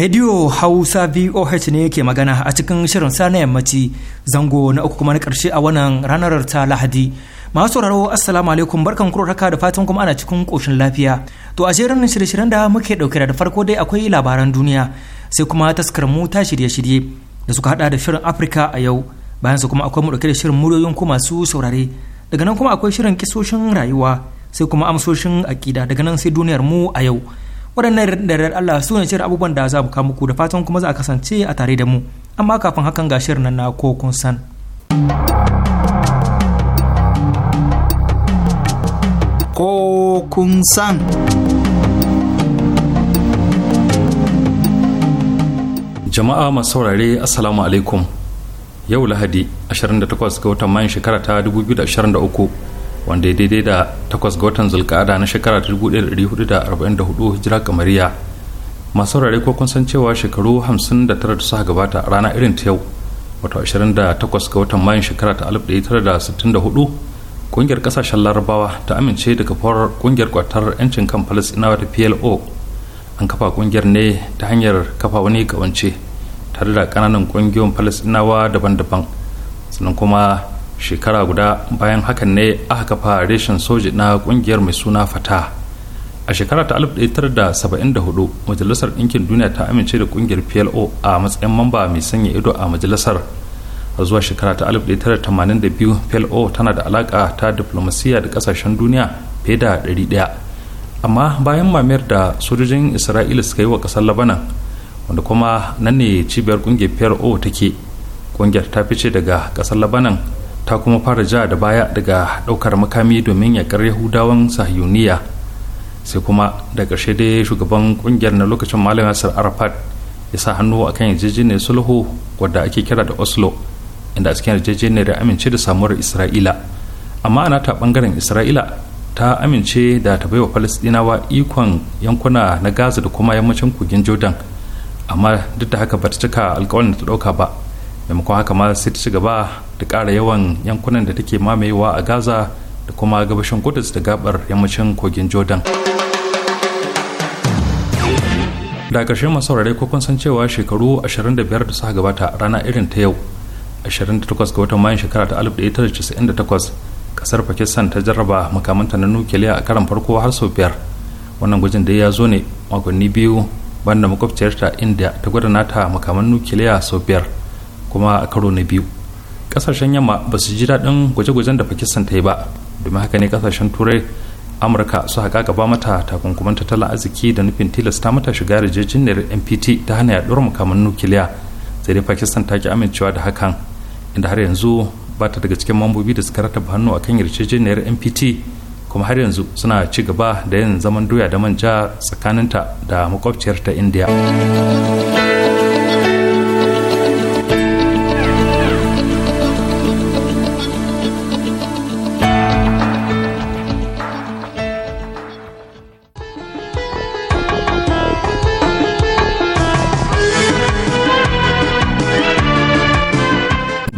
Radio Hausa VOH ne ke magana a cikin shirin sa na yammaci zango na uku kuma na karshe a wannan ranar ta Lahadi. Masu sauraro Assalamu alaikum barkan kuro raka da fatan kuma ana cikin koshin lafiya. To a jerin shirye-shiryen da muke ɗauke da farko dai akwai labaran duniya sai kuma taskar mu ta shirye-shirye da suka hada da shirin Afirka a yau bayan su kuma akwai mu ɗauke da shirin muryoyin ku masu saurare daga nan kuma akwai shirin kisoshin rayuwa sai kuma amsoshin aƙida daga nan sai duniyar mu a yau. waɗannan da Allah su ne shirin abubuwan da za mu kawo muku da fatan kuma za a kasance a tare da mu amma kafin hakan ga shirin nan na ko kun san ko kun san jama'a masu saurare assalamu alaikum yau lahadi 28 ga watan mayan shekara ta 2023 wanda ya daidai da takwas ga watan zulkada na shekara 1444 hijira kamariya masu rare ko kun san cewa shekaru 59 da suka gabata a rana irin ta yau wato 28 ga watan mayun shekara ta 1964 kungiyar kasashen larabawa ta amince da kafar ƙungiyar kwatar 'yancin kan falasinawa da plo an kafa ƙungiyar ne ta hanyar kafa wani kawance tare da kananan kungiyoyin falasinawa daban-daban sannan kuma shekara guda bayan hakan ne aka kafa reshen soji na kungiyar mai suna fata a shekara ta 1974 majalisar ɗinkin duniya ta amince da kungiyar plo a matsayin mamba mai sanya ido a majalisar a zuwa shekara ta 1982 plo tana da alaka ta diplomasiya da kasashen duniya fiye da 100 amma bayan mamayar da sojojin isra'ila suka yi wa kasar labanan wanda kuma nan ne cibiyar kungiyar plo take kungiyar ta fice daga kasar labanan ta kuma fara ja da baya daga ɗaukar makami domin yakar yahudawan sahiyuniya sai kuma da ƙarshe dai shugaban kungiyar na lokacin malam yasir arafat ya sa hannu a kan yarjejeniyar sulhu wadda ake kira da oslo inda a cikin yarjejeniyar ya amince da samuwar isra'ila amma ana ta bangaren isra'ila ta amince da ta baiwa falastinawa ikon yankuna na gaza da kuma yammacin kogin jordan amma duk da haka ba ta cika alkawarin da ta ɗauka ba maimakon haka ma sai ta ci gaba da ƙara yawan yankunan da take mamayewa a gaza da kuma gabashin kudus da gabar yammacin kogin jordan da ƙarshe masu saurare ko kun san cewa shekaru 25 da suka gabata rana irin ta yau 28 ga watan mayan shekara ta 1998 kasar pakistan ta jarraba makamanta na nukiliya a karan farko har sau biyar wannan gwajin da ya zo ne makonni biyu banda makwabciyarta india ta gwada nata makaman nukiliya sau biyar kuma a karo na biyu kasashen yamma ba su ji daɗin gwaje-gwajen da pakistan ta yi ba domin haka ne kasashen turai amurka su haƙa gaba mata takunkuman tattalin arziki da nufin tilasta mata shiga yarjejeniyar npt ta hana yaɗuwar mukamman nukiliya sai dai pakistan ta ki amincewa da hakan inda har yanzu ba ta daga cikin mambobi da suka rataba hannu akan yarjejeniyar npt kuma har yanzu suna ci gaba da yin zaman doya da manja tsakaninta da makwabciyarta india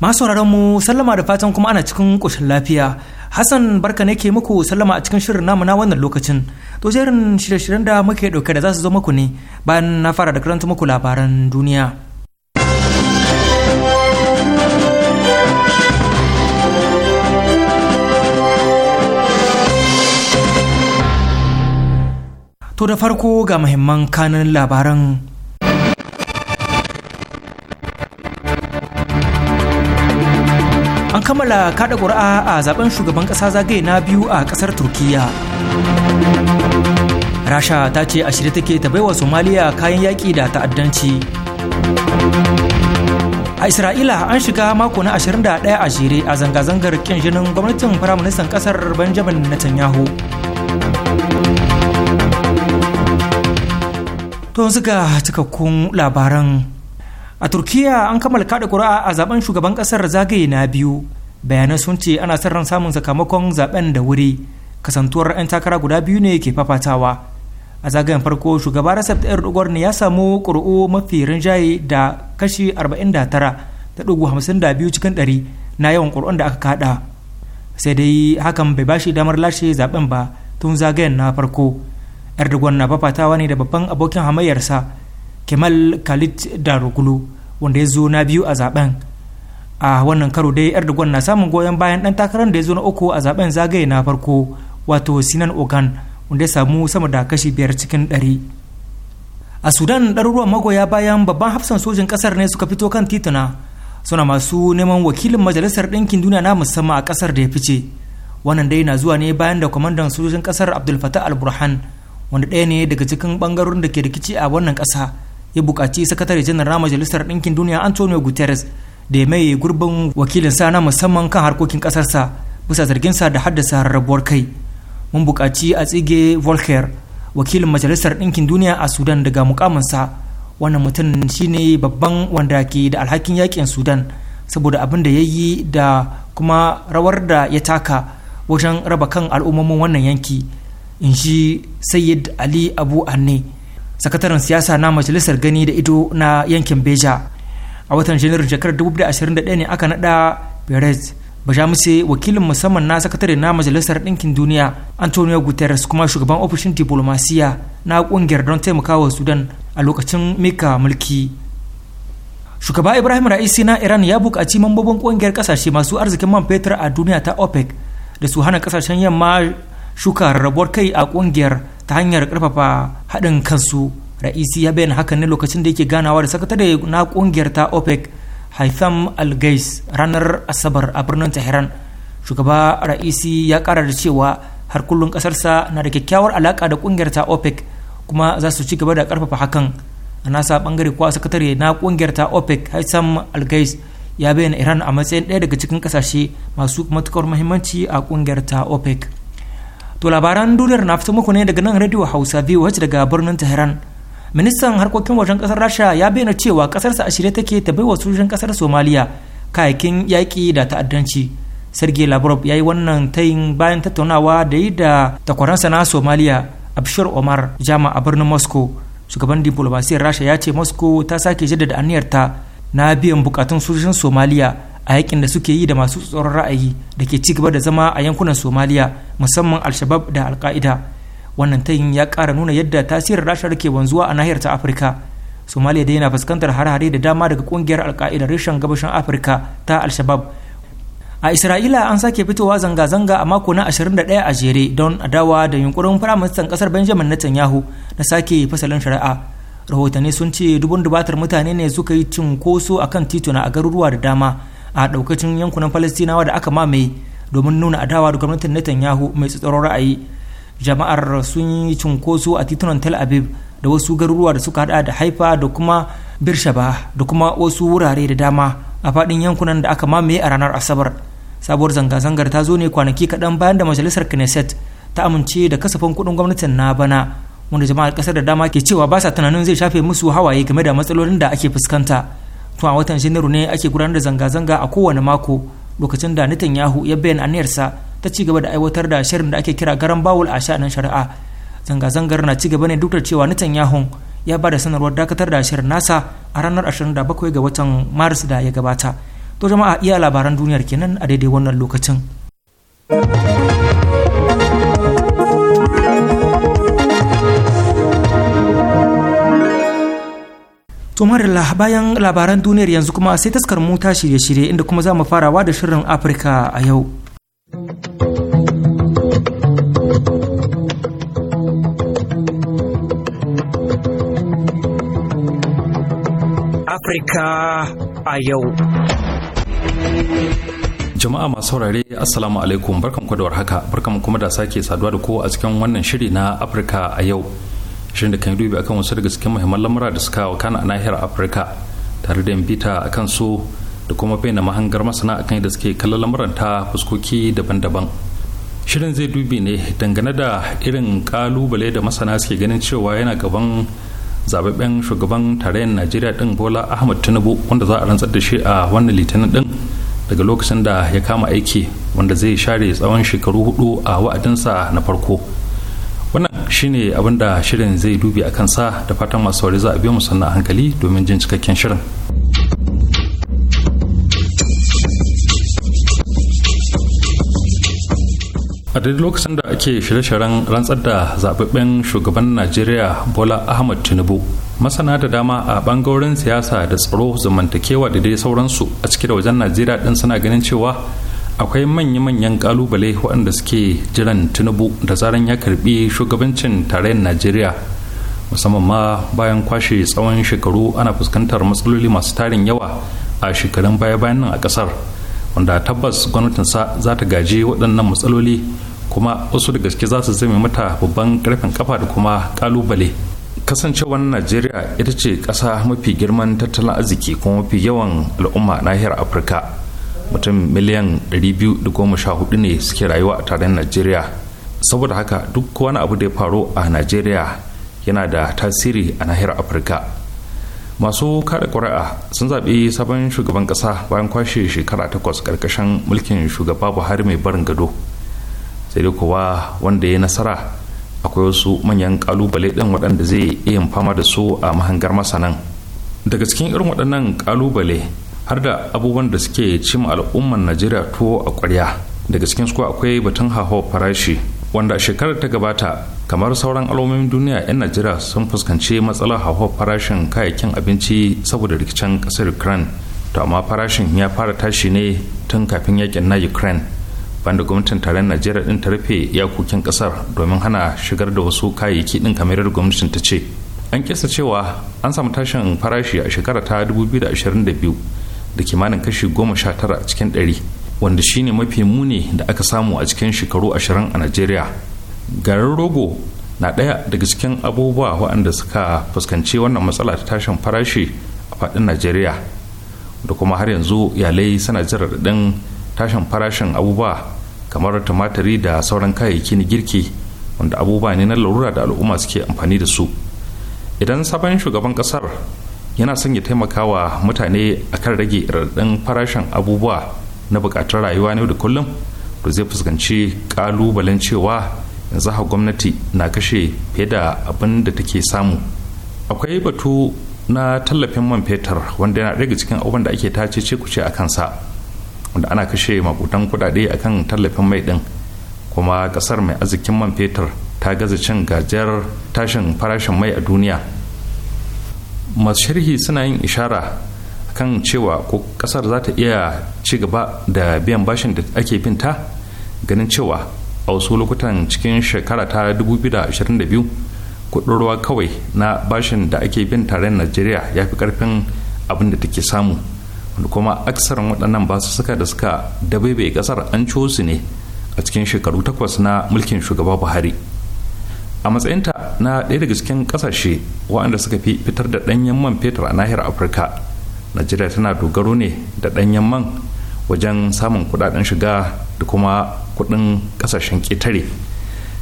masu mu sallama da fatan kuma ana cikin ƙoshin lafiya hassan barka ne ke muku sallama a cikin shirin namu na wannan lokacin to jerin shirye-shiryen da muke ɗauke da za su zo muku ne bayan na fara da karanta muku labaran duniya to da farko ga muhimman kanin labaran kammala kada ƙuri'a a zaben shugaban ƙasa zagaye na biyu a ƙasar turkiya rasha ta ce a shirye take ta baiwa somaliya kayan yaƙi da ta'addanci a isra'ila an shiga mako na 21 a jere a zanga-zangar ƙin jinin gwamnatin firaministan ƙasar benjamin netanyahu to ga cikakkun labaran a turkiya an kammala kada ƙuri'a a zaben shugaban ƙasar zagaye na biyu bayanai sun ce ana son ran samun sakamakon zaben da wuri kasantuwar 'yan takara guda biyu ne ke fafatawa a zagayen farko shugaba rasar yar dogon ne ya samu ƙuri'u mafi rinjaye da kashi 49.52 cikin 100 na yawan ƙuri'un da aka kada sai dai hakan bai bashi damar lashe zaben ba tun zagayen na farko erdogan na fafatawa ne da babban abokin hamayyarsa kemal khalid darugulu wanda ya zo na biyu a zaben a wannan karo dai erdogan na samun goyon bayan dan takarar da ya zo na uku a zaben zagaye na farko wato sinan ogan wanda ya samu sama da kashi biyar cikin ɗari a sudan ɗaruruwan magoya bayan babban hafsan sojin kasar ne suka fito kan tituna suna masu neman wakilin majalisar ɗinkin duniya na musamman a ƙasar da ya fice wannan dai na zuwa ne bayan da kwamandan sojojin ƙasar abdul fatah al-burhan wanda ɗaya ne daga cikin bangarorin da ke rikici a wannan ƙasa ya buƙaci sakatare janar majalisar ɗinkin duniya antonio guterres da ya mai gurbin wakilinsa na musamman kan harkokin ƙasarsa bisa zarginsa da haddasa rarrabuwar kai mun buƙaci a tsige volker wakilin majalisar ɗinkin duniya a sudan daga mukaminsa wannan mutum shine babban wanda ke da alhakin yakin sudan saboda abin da ya yi da kuma rawar da ya taka wajen raba kan al'ummomin wannan yanki in shi sayyid ali abu anne sakataren siyasa na majalisar gani da ido na yankin beja a watan janairun shekarar 2021 ne aka nada perez bajamuse wakilin musamman na sakatare na majalisar ɗinkin duniya antonio guterres kuma shugaban ofishin diplomasiya na ƙungiyar don taimakawa sudan a lokacin mika mulki shugaba ibrahim ra'isi na iran ya buƙaci mambobin ƙungiyar ƙasashe masu arzikin man fetur a duniya ta opec da su hana ƙasashen yamma shuka rarrabuwar kai a ƙungiyar ta hanyar karfafa haɗin kansu ra'isi ya bayyana hakan ne lokacin da yake ganawa da sakatare na kungiyar ta opec haitham algais ranar asabar a birnin tehran shugaba ra'isi ya kara da cewa har kullum kasarsa na da kyakkyawar alaka da kungiyar ta opec kuma za su ci gaba da karfafa hakan a nasa bangare kuwa sakatare na kungiyar ta opec haitham algais ya bayyana iran a matsayin ɗaya daga cikin kasashe masu matukar muhimmanci a kungiyar ta opec to labaran duniyar na fito muku ne daga nan radio hausa biyu wacce daga birnin tehran ministan harkokin wajen kasar rasha ya bayyana cewa kasarsa a shirye take ta baiwa sojojin kasar somaliya kayakin yaƙi da ta'addanci sergey lavrov ya yi wannan tayin bayan tattaunawa da yi da takwaransa na somaliya abshir omar jama a birnin moscow shugaban diplomasiyar rasha ya ce moscow ta sake jaddada aniyarta na biyan bukatun sojojin somaliya a yakin da suke yi da masu tsoron ra'ayi da ke ci gaba da zama a yankunan somaliya musamman al da al-qaida wannan tayin ya ƙara nuna yadda tasirin rasha ke wanzuwa a nahiyar ta afirka somaliya dai yana fuskantar harhare hare da dama daga ƙungiyar alka'ida reshen gabashin afirka ta alshabab a isra'ila an sake fitowa zanga-zanga a mako na 21 a jere don adawa da yunkurin firaministan kasar benjamin netanyahu na sake fasalin shari'a rahotanni sun ce dubun dubatar mutane ne suka yi cinkoso a kan tituna a garuruwa da dama a daukacin yankunan falastinawa da aka mamaye domin nuna adawa da gwamnatin netanyahu mai tsatsauran ra'ayi jama'ar sun yi cunkoso a titunan tel aviv da wasu garuruwa da suka hada da haifa da kuma birshaba da kuma wasu wurare da dama a fadin yankunan da aka mamaye a ranar asabar sabuwar zanga-zangar ta zo ne kwanaki kaɗan bayan da majalisar knesset ta amince da kasafin kuɗin gwamnatin na bana wanda jama'ar ƙasar da dama ke cewa ba sa tunanin zai shafe musu hawaye game da matsalolin da ake fuskanta tun a watan janairu ne ake gudanar da zanga-zanga a kowane mako lokacin da Netanyahu ya bayyana aniyarsa ta ci gaba da aiwatar da shirin da ake kira garan bawul a sha'anin shari'a zanga-zangar na ci gaba ne duk da cewa yahun ya ba da sanarwar dakatar da shirin nasa a ranar 27 ga watan maris da ya gabata to jama'a iya labaran duniyar kenan a daidai wannan lokacin tumarilla bayan labaran duniyar yanzu kuma sai taskar mu ta shirye-shirye inda kuma za mu farawa da shirin afirka a yau Afirka a yau. Jama'a masu saurare Assalamu alaikum barkanku da warhaka barkan kuma da sake saduwa da ko a cikin wannan shiri na Afirka a yau. Shirin da kan dubi akan wasu daga cikin muhimman lamura da suka wakana a nahiyar Afirka tare da bita akan su da kuma bayyana mahangar masana akan yadda suke kallon lamuran ta fuskoki daban-daban shirin zai dubi ne dangane da irin kalubale da masana suke ganin cewa yana gaban zababben shugaban tarayyar najeriya din bola ahmad tinubu wanda za a rantsar da shi a wannan litinin din daga lokacin da ya kama aiki wanda zai share tsawon shekaru hudu a wa'adinsa na farko wannan shine abin da shirin zai dubi a kansa da fatan masu za a biyo musanna hankali domin jin cikakken shirin a duk lokacin da ake shirye-shiryen rantsar da zababben shugaban najeriya bola ahmad tinubu masana da dama a bangarorin siyasa da tsaro zamantakewa da dai sauransu a cikin da wajen najeriya din suna ganin cewa akwai manya-manyan kalubale waɗanda suke jiran tinubu da zaran ya karbi shugabancin tarayyar najeriya musamman ma bayan kwashe tsawon shekaru ana fuskantar matsaloli masu tarin yawa a shekarun baya-bayan nan a ƙasar. wanda tabbas gwamnatinsa za ta gaji waɗannan matsaloli kuma wasu da gaske za su zame mata babban karfin kafa da kuma kalubale kasancewar najeriya ita ce ƙasa mafi girman tattalin arziki kuma mafi yawan al'umma nahiyar afirka mutum miliyan 214 ne suke rayuwa a tarayyar najeriya saboda haka duk wani abu da ya faru a najeriya yana da tasiri a nahiyar afirka masu kada ƙuri'a sun zaɓi sabon shugaban ƙasa bayan kwashe shekara takwas ƙarƙashin mulkin shugaba buhari mai barin gado sai dai kuwa wanda ya yi nasara akwai wasu manyan ƙalubale ɗin waɗanda zai iya fama da su a mahangar masanan daga cikin irin waɗannan ƙalubale har da abubuwan da suke cim al'ummar najeriya tuwo a ƙwarya daga cikin su akwai batun hawa farashi wanda shekarar ta gabata kamar sauran alamomin duniya 'yan najeriya sun fuskanci matsalar hauhawar farashin kayayyakin abinci saboda rikicin kasar ukraine to amma farashin ya fara tashi ne tun kafin yakin na ukraine banda gwamnatin taron najeriya din ta rufe iyakokin kasar domin hana shigar da wasu kayayyaki din kamar yadda gwamnatin ta ce an kisa cewa an samu tashin farashi a shekara ta 2022 da kimanin kashi 19 cikin 100 wanda shine mafi muni da aka samu a cikin shekaru ashirin a najeriya garin rogo na ɗaya daga cikin abubuwa waɗanda suka fuskanci wannan matsala ta tashin farashi a faɗin najeriya da kuma har yanzu yalai suna jin raɗaɗin tashin farashin abubuwa kamar tumatiri da sauran kayayyaki na girki wanda abubuwa ne na larura da al'umma suke amfani da su idan sabon shugaban ƙasar yana son ya taimaka wa mutane akan rage raɗaɗin farashin abubuwa na bukatar rayuwa na da kullum to zai fuskanci kalubalen cewa yanzu ha gwamnati na kashe fiye da abin da take samu akwai batu na tallafin man fetur wanda yana daga cikin abubuwan da ake tace ce kuce a kansa wanda ana kashe makutan kudade kan tallafin mai din kuma kasar mai arzikin man fetur ta gaza cin gajiyar tashin farashin mai a duniya masu sharhi suna yin ishara kan cewa ko kasar za ta iya ci gaba da biyan bashin da ake binta ganin cewa a wasu lokutan cikin shekara ta 2022 kudin ruwa kawai na bashin da ake bin tare tarayyar najeriya ya fi karfin abin da take samu wanda kuma aksarin waɗannan basu suka da suka dabaibe kasar an ciwo su ne a cikin shekaru takwas na mulkin shugaba buhari a matsayinta na ɗaya daga cikin ƙasashe waɗanda suka fi fitar da ɗanyen man fetur a nahiyar afirka najeriya tana dogaro ne da danyen man wajen samun kudaden shiga da kuma kudin kasashen ƙetare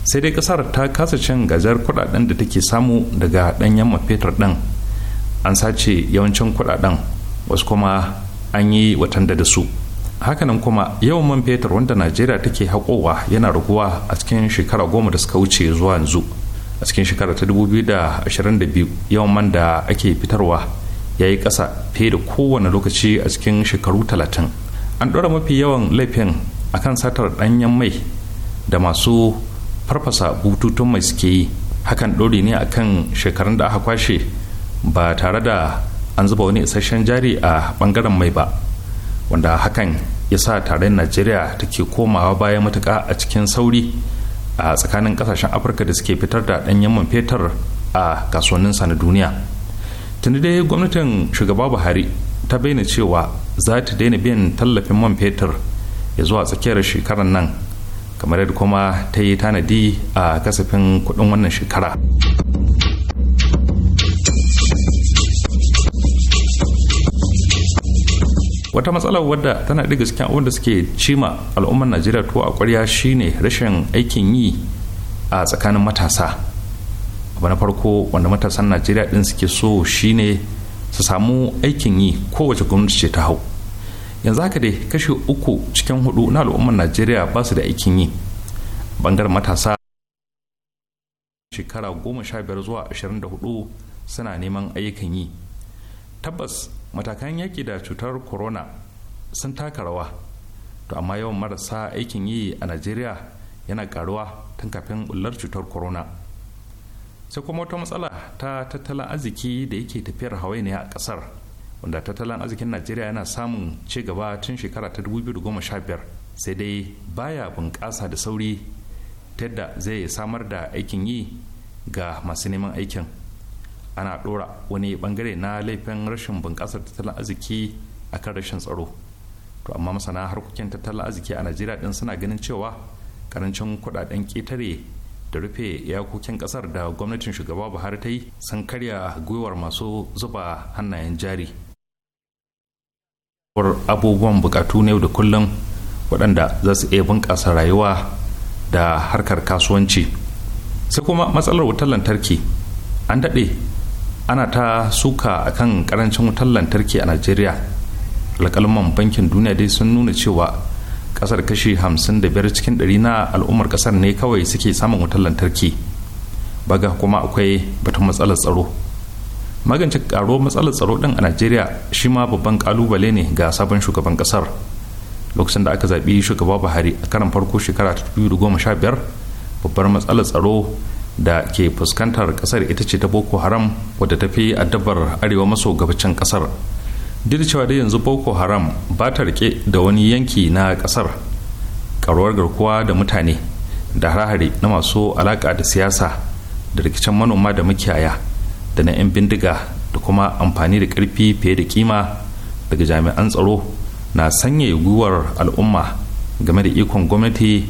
sai dai kasar ta kasa cin gazar kudaden da take samu daga ɗanyen mafetar fetur ɗin an sace yawancin kudaden wasu kuma an yi watan da su hakanan kuma yawan man fetur wanda najeriya take haƙowa yana raguwa a cikin shekara goma da suka wuce zuwa yanzu a cikin shekara ta 2022 yawan man da ake fitarwa ya yi ƙasa fiye da kowane lokaci a cikin shekaru talatin an ɗora mafi yawan laifin a kan satar ɗanyen mai da masu farfasa bututun mai suke yi hakan ɗori ne a kan shekarun da aka kwashe ba tare da an zuba wani isasshen jari a ɓangaren mai ba wanda hakan ya sa tarayyar najeriya take komawa bayan matuka a cikin sauri a tsakanin ƙasashen afirka da suke fitar da ɗanyen man fetur a kasuwannin kasuwanninsa na duniya tuni dai gwamnatin shugaba buhari ta bayyana cewa za ta daina biyan tallafin man fetur ya zuwa tsakiyar shekarar nan kamar yadda kuma ta yi tanadi a kasafin kudin wannan shekara wata matsalar wadda tana ɗiga cikin abin da suke cima al'ummar najeriya tuwa a kwarya shine rashin aikin yi a tsakanin matasa abu na farko wanda matasan najeriya din suke so shine su samu aikin yi kowace gwamnati ce ta hau yanzu haka dai kashe uku cikin hudu na al'ummar najeriya ba su da aikin yi bangar matasa shekara goma sha biyar zuwa ashirin da hudu suna neman ayyukan yi tabbas matakan yaƙi da cutar corona sun taka rawa to amma yawan marasa aikin yi a najeriya yana karuwa tun kafin cutar corona sai kuma wata matsala ta tattalin arziki da yake tafiyar ne a kasar wanda tattalin arzikin najeriya yana samun ci gaba tun shekara ta 2015 sai dai baya bunƙasa da sauri ta yadda zai samar da aikin yi ga masu neman aikin ana ɗora wani bangare na laifin rashin bunƙasar tattalin arziki akan rashin tsaro to amma masana harkokin tattalin arziki a najeriya din suna ganin cewa karancin kuɗaɗen ƙetare da rufe iyakokin kasar da gwamnatin shugaba buhari ta yi san karya gwiwar masu zuba hannayen jari abubuwan bukatu ne yau da kullum waɗanda za su iya bunƙasa rayuwa da harkar kasuwanci sai kuma matsalar wutar lantarki an daɗe ana ta suka a kan ƙarancin wutar lantarki a najeriya alƙalman bankin duniya dai sun nuna cewa kasar kashi 55 cikin ɗari na al'ummar kasar ne kawai suke samun wutar lantarki baga kuma akwai batun matsalar tsaro magance karo matsalar tsaro din a najeriya shi ma babban kalubale ne ga sabon shugaban kasar lokacin da aka zaɓi shugaba buhari a karan farko shekara ta 2015 babbar matsalar tsaro da ke fuskantar kasar ita ce ta boko haram wadda ta fi addabar arewa maso gabacin kasar duk cewa da yanzu boko haram ba ta rike da wani yanki na kasar karuwar garkuwa da mutane da harahari na masu alaka da siyasa da rikicin manoma da makiyaya da na 'yan bindiga da kuma amfani da karfi fiye da kima daga jami'an tsaro na sanya gwiwar al'umma game da ikon gwamnati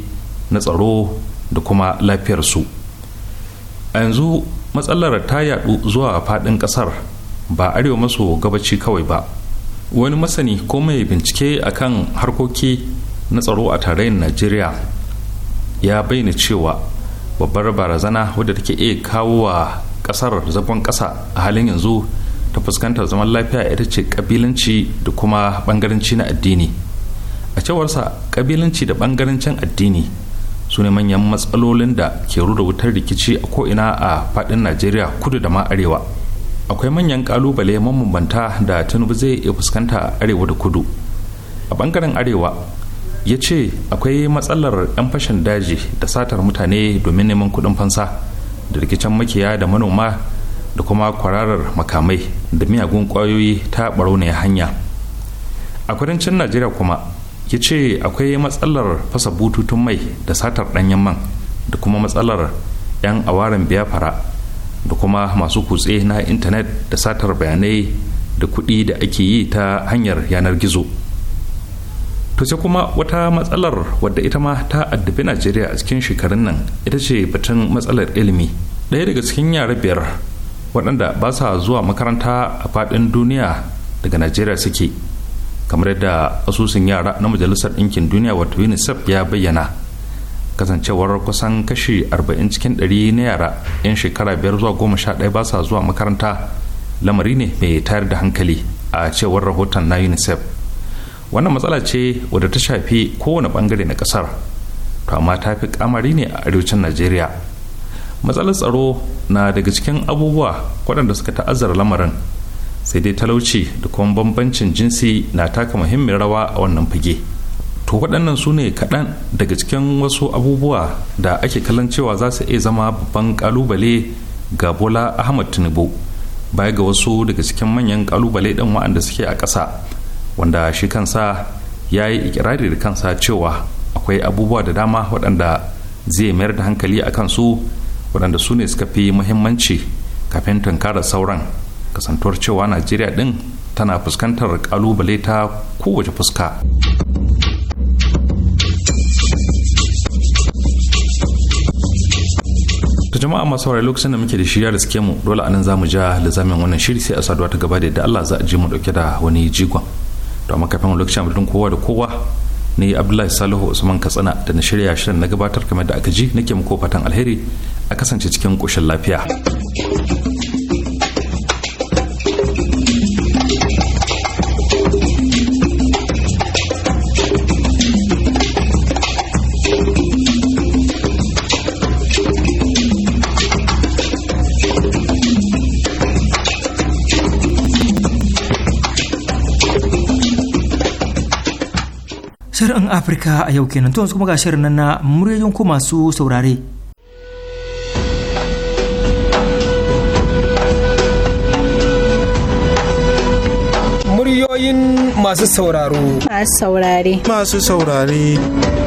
na tsaro da kuma lafiyarsu a yanzu matsalar ta yadu zuwa faɗin ƙasar ba arewa maso gabaci kawai ba wani masani ko mai bincike a kan harkoki na tsaro a tarayyar najeriya ya bayyana cewa babbar barazana wadda take iya kawo wa kasar zagon kasa a halin yanzu ta fuskantar zaman lafiya ita ce kabilanci da kuma bangaranci na addini a cewarsa kabilanci da bangarancin addini su ne manyan matsalolin da ke rura wutar rikici a ko'ina a faɗin najeriya kudu da ma arewa akwai manyan kalubale mabambanta da tinubu zai iya fuskanta arewa da kudu a bangaren arewa ya ce akwai matsalar 'yan fashin daji da satar mutane domin neman kudin fansa da rikicin makiya da manoma da kuma kwararar makamai da miyagun kwayoyi ta ne hanya a kudancin najeriya kuma ya ce akwai matsalar fasa bututun mai da satar danyen man da kuma matsalar 'yan awaran biyafara da kuma masu kutse na intanet da satar bayanai da kuɗi da ake yi ta hanyar yanar gizo to sai kuma wata matsalar wadda ita ma ta addabi najeriya a cikin shekarun nan ita ce batun matsalar ilimi ɗaya daga cikin yara biyar waɗanda ba sa zuwa makaranta a faɗin duniya daga najeriya suke kamar yadda asusun yara na majalisar ɗinkin duniya wato unicef ya bayyana kasancewar kusan kashi 40 cikin 100 na yara 'yan shekara biyar zuwa goma 11 ba sa zuwa makaranta lamari ne mai tayar da hankali a cewar rahoton na unicef wannan matsala ce wadda ta shafi kowane bangare na kasar to amma ta fi kamari ne a arewacin najeriya matsalar tsaro na daga cikin abubuwa waɗanda suka ta'azzara lamarin sai dai talauci da kuma bambancin jinsi na taka muhimmin rawa a wannan fage. to waɗannan su ne kaɗan daga cikin wasu abubuwa da ake kallon cewa za su iya zama babban ƙalubale ga bola ahmad tinubu baya ga wasu daga cikin manyan ƙalubale ɗin waɗanda suke a ƙasa wanda shi kansa ya yi ikirari da kansa cewa akwai abubuwa da dama waɗanda zai mayar da hankali a kansu waɗanda su ne suka fi muhimmanci kafin tankara sauran kasantuwar cewa najeriya ɗin tana fuskantar ƙalubale ta kowace fuska. to jama'a masu saurari lokacin da muke da shirya da suke mu dole anan zamu ja zamin wannan shiri sai a saduwa ta gaba da yadda Allah za a ji mu dauke da wani jigon to amma kafin lokacin mutum kowa da kowa ni Abdullahi Salihu Usman Katsina da na shirya shirin na gabatar kamar da aka ji nake muku fatan alheri a kasance cikin koshin lafiya. Afirka a yau kenan to yanzu kuma ga shirin nan na muryoyin ku masu saurare. Muryoyin masu sauraro. Masu saurare. Masu saurare.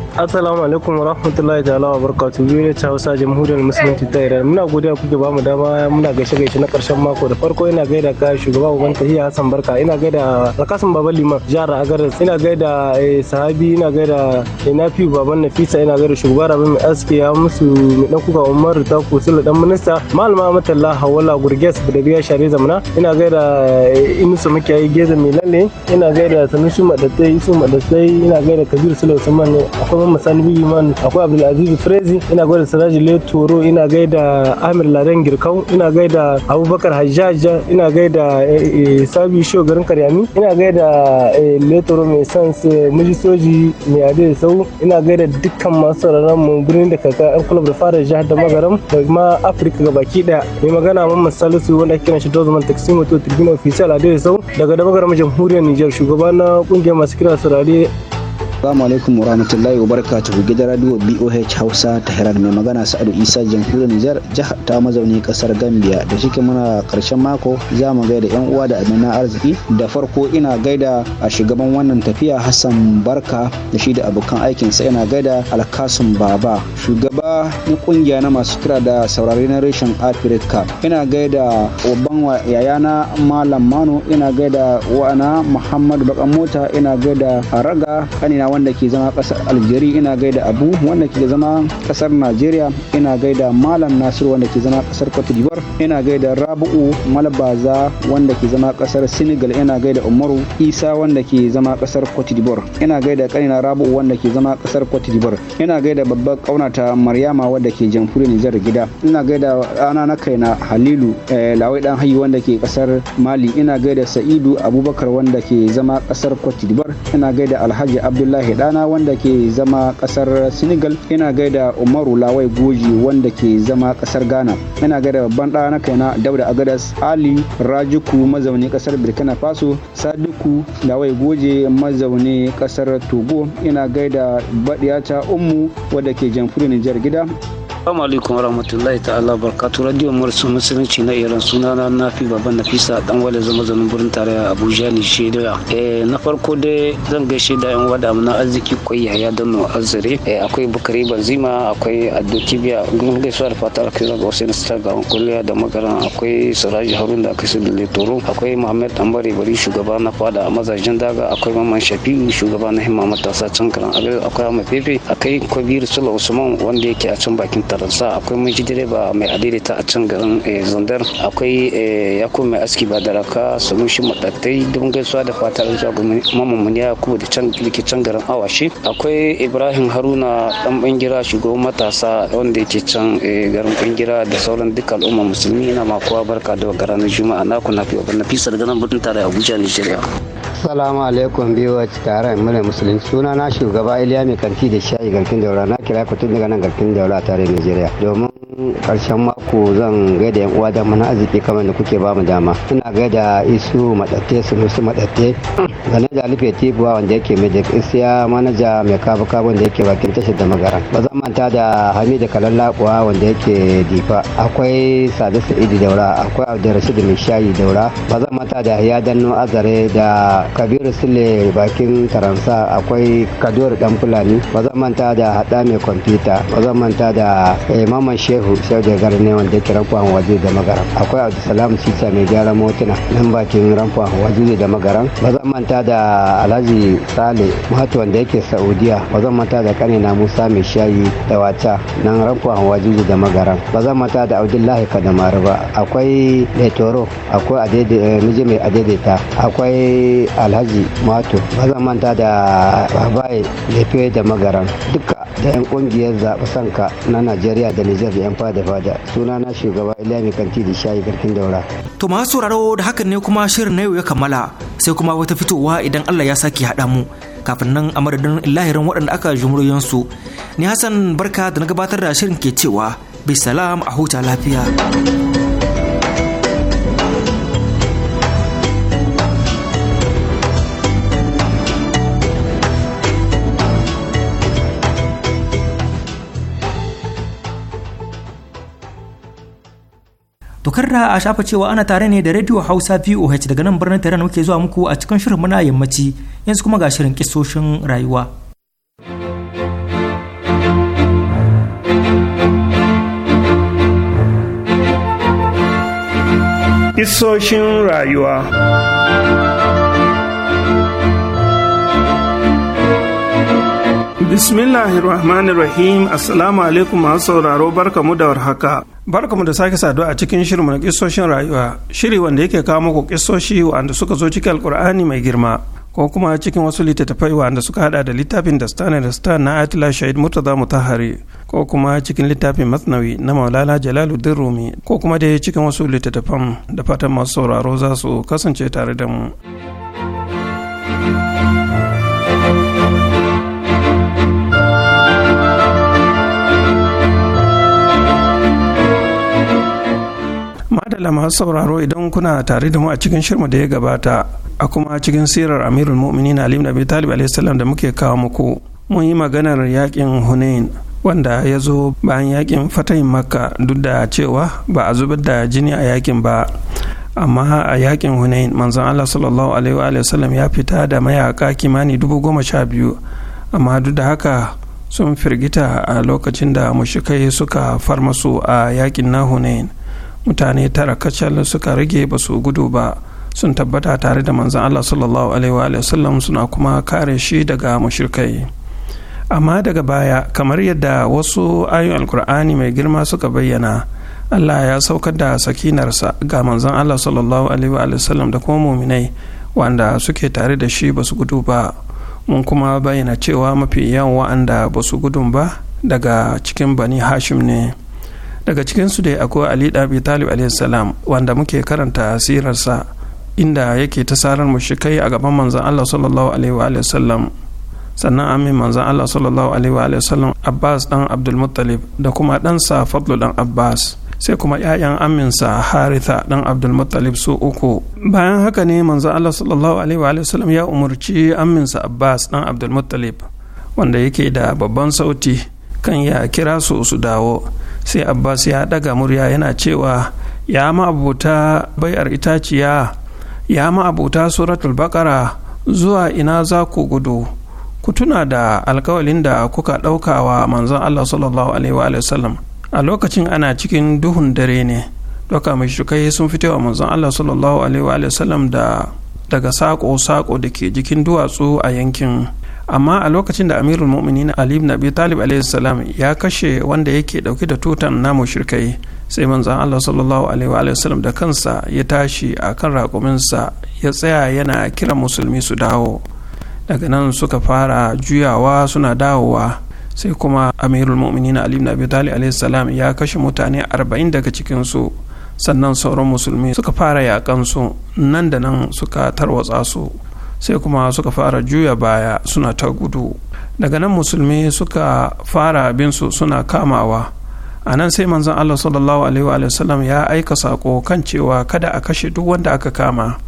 Assalamu alaikum wa rahmatullahi ta'ala wa barkatu biyu ne Hausa Jamhuriyar Musulunci ta Iran. Muna godiya kuke ba mu dama muna gaishe gaishe na karshen mako da farko ina gaida ka shugaba uban tahiya Hassan Barka ina gaida Alkasim Baba Liman jihar Agar ina gaida eh, Sahabi ina gaida eh, Nafi Baban Nafisa ina gaida shugaba Rabi mai aski ya musu mai dan kuka Umar ta kusula dan minista Malama Matalla Hawala Gurges Budariya Share Zamana ina gaida eh, Inusa Mukiyayi Geza Milale ina gaida Sanusu, Madatai Isu Madatai ina gaida Kabir Sule Usman akwai Mamman Sani man akwai Abdulaziz Frezi ina gaida Siraji Letoro ina gaida amir laren Girkau ina gaida Abubakar Hajjaj ina gaida eh, eh, Sabi Sho garin Karyami ina gaida eh, Letoro mai sans miji soji mai ade sau ina gaida dukkan masu sauraron mu birnin da kaka yan club da fara jihar da magaram da ma Afirka gabaki daya mai magana Mamman Salisu wanda ake kiran shi Dozman Taksimo to Tribune Official ade sau daga da magaram jamhuriyar Nijar shugaba na kungiyar masu kira saurare Assalamu alaikum wa rahmatullahi wa barakatuhu gidan radio BOH Hausa Tehran mai magana Sa'adu Isa Jankuru Nijar jihar ta mazauni kasar Gambia da shike muna karshen mako za mu gaida yan uwa da amina arziki da farko ina gaida a shugaban wannan tafiya Hassan Barka da shi da abokan sa ina gaida Alkasum Baba shugaba na kungiya na masu kira da saurari na reshen Africa ina gaida oban yayana Malam Mano ina gaida wa'ana Muhammad Bakan Mota ina gaida Raga kanina wanda ke zama kasar Algeria ina gaida Abu wanda ke zama kasar Najeriya ina gaida Malam nasiru wanda ke zama kasar Cote ina gaida Rabu'u Malbaza wanda ke zama kasar Senegal ina gaida Umaru Isa wanda ke zama kasar Cote ina gaida Kanina Rabu'u wanda ke zama kasar Cote ina gaida babbar kaunata Maryama wanda ke jamhuriyar Nijar gida ina gaida ana na kaina Halilu eh, Lawai dan Hayi wanda ke kasar Mali ina gaida Sa'idu Abubakar wanda ke zama kasar Cote ina gaida Alhaji Abdullahi Hidana wanda ke zama kasar senegal ina gaida umaru lawai goji wanda ke zama kasar ghana ina gaida babban na kaina dauda agadas ali rajuku mazauni kasar burkina faso sadiku lawai goje mazauni kasar togo ina gaida baɗiyata ummu wadda ke jamfuri nijar gida Assalamu alaikum warahmatullahi ta'ala barkatu radio Mursu Musulunci na Iran sunana na fi Baban Nafisa dan wale zama zanen tare tarayya Abuja ni shedara. Eh, na farko dai zan gaishe da yan wada na arziki koyi yaya Danno Azare eh akwai Bukari Banzima akwai Addo Kibiya gun gaisuwa da fatar kira ga Hussein Star ga kulliya da magaran akwai Siraji Harun da aka sirri Toro akwai Muhammad Tambari Bari shugaba na fada mazajen daga akwai Mamman Shafi. shugaba na himma matasa can karan akwai Ahmad akwai Kabiru Sula Usman wanda yake a can bakin taransa akwai muji direba mai adaidaita a can garin eh, zandar akwai eh, yakubu mai aski ba da raka su mun shi matattai don gaisuwa da fata an zuwa mamman ya kuma da can liki can garin awashi akwai ibrahim haruna dan bangira shugaban matasa wanda yake can eh, garin bangira da sauran duka al'umma musulmi ina makuwa barka da wakar ranar juma'a na kuna fi wabar nafisar ganin birnin tare abuja nigeria salamu alaikum biyu tare a mai musulunci suna na shugaba iliya mai karfi da shayi garkin daura na kira ku tun daga nan garkin daura tare ne najeriya domin karshen mako zan gaida yan uwa da mana arziki kamar da kuke ba mu dama ina gaida isu madatte su madatte gane da alife tibuwa wanda yake mai isiya manaja mai kafa kabu wanda yake bakin tashar da magara ba zan manta da kalalla kuwa wanda yake difa akwai sadu sa'idi daura akwai abdulrashid mai shayi daura ba zan manta da ya danno azare da kabiru sule bakin taransa akwai kadori dan fulani ba zan manta da hada mai kwamfuta ba zan manta da imaman eh, maman shehu sai da gar ne wanda yake rafuwa waje da magaran akwai salamu sisa mai gyaran motuna nan bakin rafuwa waje da magaran ba zan manta da alhaji sale mahatu wanda yake saudiya ba zan manta da kanina musa mai shayi da wata nan rafuwa waje da magaran ba zan manta da abdullahi kadamaru ba akwai letoro akwai eh, miji mai adaidaita akwai alhaji mahatu ba zan manta da babaye lefe da magaran duka da 'yan kungiyar zaɓi sanka na Najeriya da Nijar da 'yan fada fada suna na shugaba Ilami Kanti da Shayi Garkin Daura. To masu sauraro da hakan ne kuma shirin na yau ya kammala sai kuma wata fitowa idan Allah ya sake haɗa mu kafin nan a madadin lahirin waɗanda aka jumuriyansu ni Hassan barka da na gabatar da shirin ke cewa bisalam a huta lafiya. To karra a shafa cewa ana tare ne da Radio Hausa VOH daga nan birnin Tehran muke zuwa muku a cikin shirin muna yammaci yanzu kuma ga shirin kisoshin rayuwa. Kisoshin rayuwa Bismillahirrahmanirrahim Assalamu alaikum masu sauraro barkamu da warhaka. barkamu da sake saduwa a cikin shirin na kisoshin rayuwa shiri wanda yake kawo muku kisoshi wanda suka zo cikin alkur'ani mai girma ko kuma cikin wasu littattafai wanda suka hada da littafin da stan da stan na atila shahid murtaza mutahari ko kuma cikin littafin masnawi na maulana jalaluddin rumi ko kuma dai cikin wasu littattafan da fatan masu sauraro za su kasance tare da mu. madalla masu sauraro idan kuna tare da mu a cikin shirma da ya gabata a kuma cikin sirar amirul mu'minin alim talib da muke kawo muku mun yi maganar yakin hunain wanda ya zo bayan yakin fatayin makka duk da cewa ba a zubar da jini a yakin ba amma a yakin hunain manzon allah sallallahu alaihi wa sallam ya fita da mayaka kimani dubu goma sha biyu amma duk da haka sun firgita a lokacin da mushikai suka farmasu a yakin na hunain mutane tara kacal suka rage ba su gudu ba sun tabbata tare da manzan Allah sallallahu alaihi wa suna kuma kare shi daga mushrikai amma daga baya kamar yadda wasu ayoyin alkur'ani mai girma suka bayyana Allah ya saukar da sakinarsa ga manzan Allah sallallahu alaihi wa da kuma muminai wanda suke tare da shi ba su gudu ba mun kuma bayyana cewa mafi yawan wa'anda ba su gudun ba daga cikin bani hashim ne daga cikinsu dai akwai ali ɗabi talib salam wanda muke karanta sirarsa inda yake ta sarar mushrikai a gaban manzan allah sallallahu alaihi wa sallam sannan amin manzan allah sallallahu alaihi wa sallam abbas dan abdulmuttalib da kuma ɗansa fadlu dan abbas sai kuma 'ya'yan aminsa haritha dan abdulmuttalib su uku bayan haka ne manzan allah sallallahu alaihi wa sallam ya umarci aminsa abbas dan abdulmuttalib wanda yake da babban sauti kan ya kira su su dawo sai abbas ya ɗaga murya yana cewa ya ma'abuta bai'ar itaciya ya ma'abuta suratul bakara zuwa ina za ku gudu ku tuna da alkawalin da kuka ɗauka wa manzon allah sallallahu alaihi wa a lokacin ana cikin duhun dare ne doka mai shukai sun fito wa manzon allah sallallahu alaihi wa da daga sako sako da ke jikin duwatsu a yankin amma a lokacin da amirul mu'minin ali ibn abi talib alayhi salam ya kashe wanda yake dauke da tutan namu shirkai sai manzon Allah sallallahu alaihi wa sallam da kansa ya tashi akan sa ya tsaya yana kiran musulmi su dawo daga nan suka fara juyawa suna dawowa sai kuma amirul mu'minin ali ibn abi talib alayhi salam ya kashe mutane 40 daga cikin su sannan sauran musulmi suka fara yakan su nan da nan suka tarwatsa su sai kuma suka fara juya baya suna ta gudu daga nan musulmi suka fara su suna kamawa a nan sai manzon allah sallallahu alaihi wa sallam ya aika sako kan cewa kada a kashe duk wanda aka kama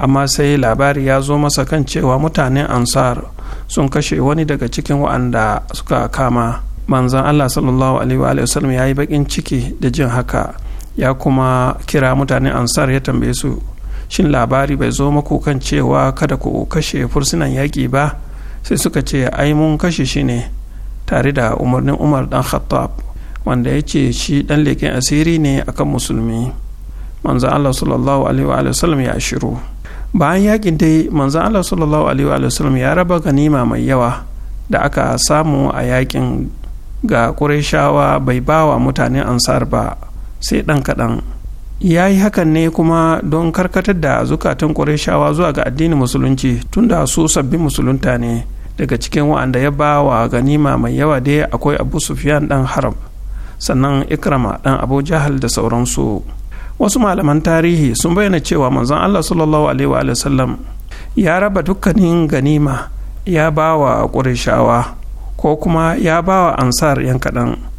amma sai labari ya zo masa kan cewa mutanen ansar sun kashe wani daga cikin wa'anda suka kama manzon allah sallallahu alaihi wa sallam ya yi bakin ciki da jin haka ya kuma kira mutanen ansar ya tambaye su shin labari bai zo maku kan cewa kada ku kashe fursunan yaƙi ba sai suka ce ai mun kashe shi ne tare da umarnin umar dan khattab wanda ya ce shi dan leken asiri ne akan musulmi manzo allah sallallahu alaihi wa sallam ya shiru bayan yakin dai manzo allah sallallahu alaihi wa sallam ya raba ganima mai yawa da aka samu a yakin ga ƙurashawa bai bawa mutane ansar ba sai dan kaɗan ya yi hakan ne kuma don karkatar da zukatan ƙurashawa zuwa ga addinin musulunci tunda su sabbin musulunta ne daga cikin wa'anda ya ba wa ganima mai yawa dai akwai abu sufyan dan haram sannan ikrama ɗan abu jahal da sauransu wasu malaman tarihi sun bayyana cewa manzon allah sallallahu alaihi wa ya raba dukkanin ganima ya ba wa ƙurashawa ko kuma ya ba wa ansar yan kaɗan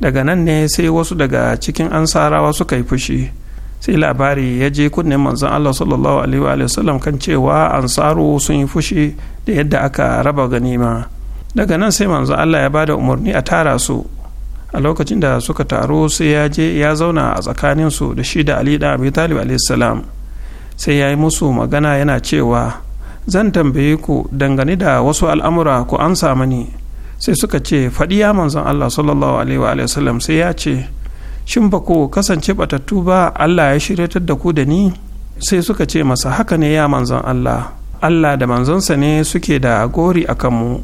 daga nan ne sai wasu daga cikin ansarawa suka yi fushi sai labari ya je kunnen manzon Allah sallallahu alaihi wa sallam kan cewa ansaro sun yi fushi da yadda aka raba ganima daga nan sai manzon Allah ya bada umarni a tara su a lokacin da suka taro sai ya je ya zauna a tsakanin su da shi da Ali da Abi Talib alaihi salam sai ya yi musu magana yana cewa zan tambaye ku dangane da wasu al'amura ku ansa mani sai suka ce faɗi ya manzon Allah sallallahu alaihi wa sallam sai ya ce shin ba ku kasance batattu ba Allah ya shiryatar da ku da ni sai suka ce masa haka ne ya manzon Allah Allah da manzonsa ne suke da gori a kanmu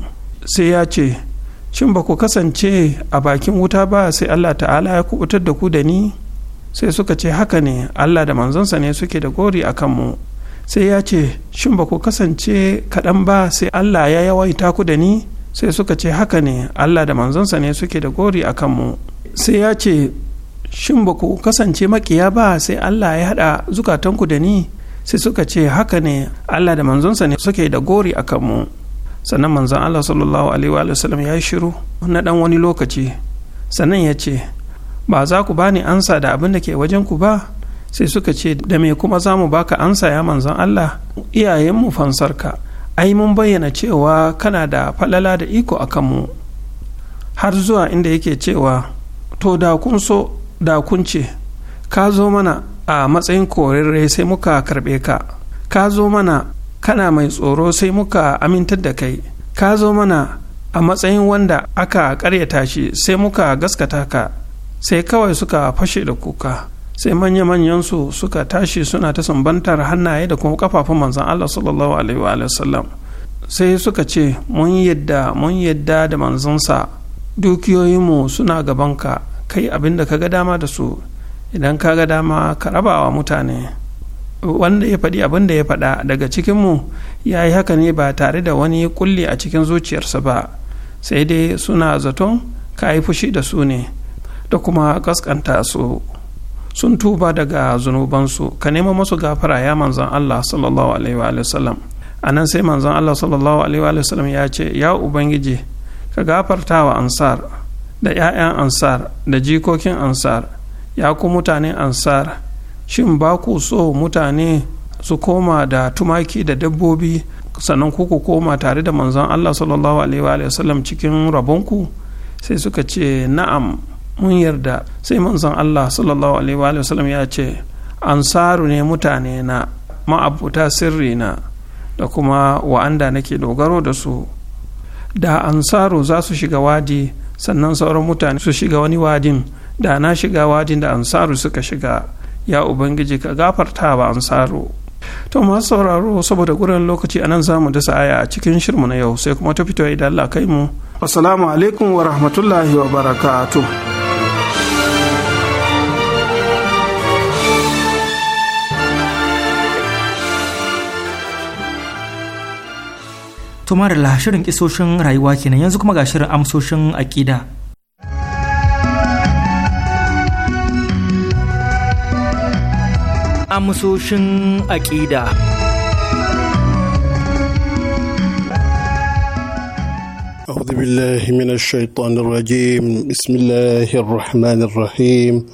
sai ya ce shin ba ku kasance a bakin wuta ba sai Allah ta'ala ya kubutar da ku da ni sai suka ce haka ne Allah da manzonsa ne suke da gori a kanmu sai ya ce shin ba ku kasance kaɗan ba sai Allah ya yawaita ku da ni sai suka ce haka ne allah da manzonsa ne suke da gori a kanmu sai ya ce shin ba ku kasance makiya ba sai allah ya haɗa zukatanku da ni sai suka ce haka ne allah da manzansa ne suke da gori a kanmu sannan manzan allah sallallahu alaihi wa ya yi shiru na ɗan wani lokaci sannan ya ce ba za ku bani ansa da abin da ke wajen ku ba sai suka ce da me kuma za mu baka ansa ya manzan allah iyayenmu fansarka ai mun bayyana cewa kana da falala da iko a kanmu har zuwa inda yake cewa to da kun so da kun ce ka zo mana a matsayin korirre sai muka karɓe ka ka zo mana kana mai tsoro sai muka amintar da kai ka zo mana a matsayin wanda aka karyata shi sai muka gaskata ka sai kawai suka fashe da kuka sai manya manyansu suka tashi suna ta sambantar hannaye da kuma kafafun manzon Allah sallallahu alaihi wa sallam sai suka ce mun yadda mun yadda da manzansa dukiyoyinmu suna gaban ka kai abin da ka ga dama da su idan ka ga dama ka rabawa mutane wanda ya faɗi abin da ya faɗa daga cikinmu ya yi haka ne ba tare da wani kulli a cikin zuciyarsa ba sai dai suna zaton ka yi fushi da su ne da kuma kaskanta su sun tuba daga zunubansu ka nema masu gafara ya manzan Allah sallallahu alaihi wa a nan sai manzan Allah sallallahu alaihi wa ya ce ya ubangiji ka gafarta wa ansar da 'ya'yan ansar da jikokin ansar ya ku mutanen ansar shin ba ku so mutane su koma da tumaki da dabbobi sannan ku koma tare da manzan Allah sallallahu alaihi wa sallam cikin rabonku sai suka ce na'am mun yarda sai manzon Allah sallallahu alaihi wa sallam ya ce ansaru ne mutane na ma'abuta sirri na da kuma wa'anda nake dogaro da su da ansaru za su shiga wadi sannan sauran mutane su shiga wani wadin da na shiga wadin da ansaru suka shiga ya ubangiji ka gafarta ba ansaru to masu sauraro saboda gurin lokaci a nan zamu dasa aya a cikin shirmu na yau sai kuma ta fito idan Allah kai mu assalamu alaikum wa rahmatullahi wa barakatuh to marala shirin kisoshin rayuwa kenan yanzu kuma ga shirin amsoshin aƙida amsoshin aƙida أعوذ بالله من الشيطان الرجيم بسم الله الرحمن الرحيم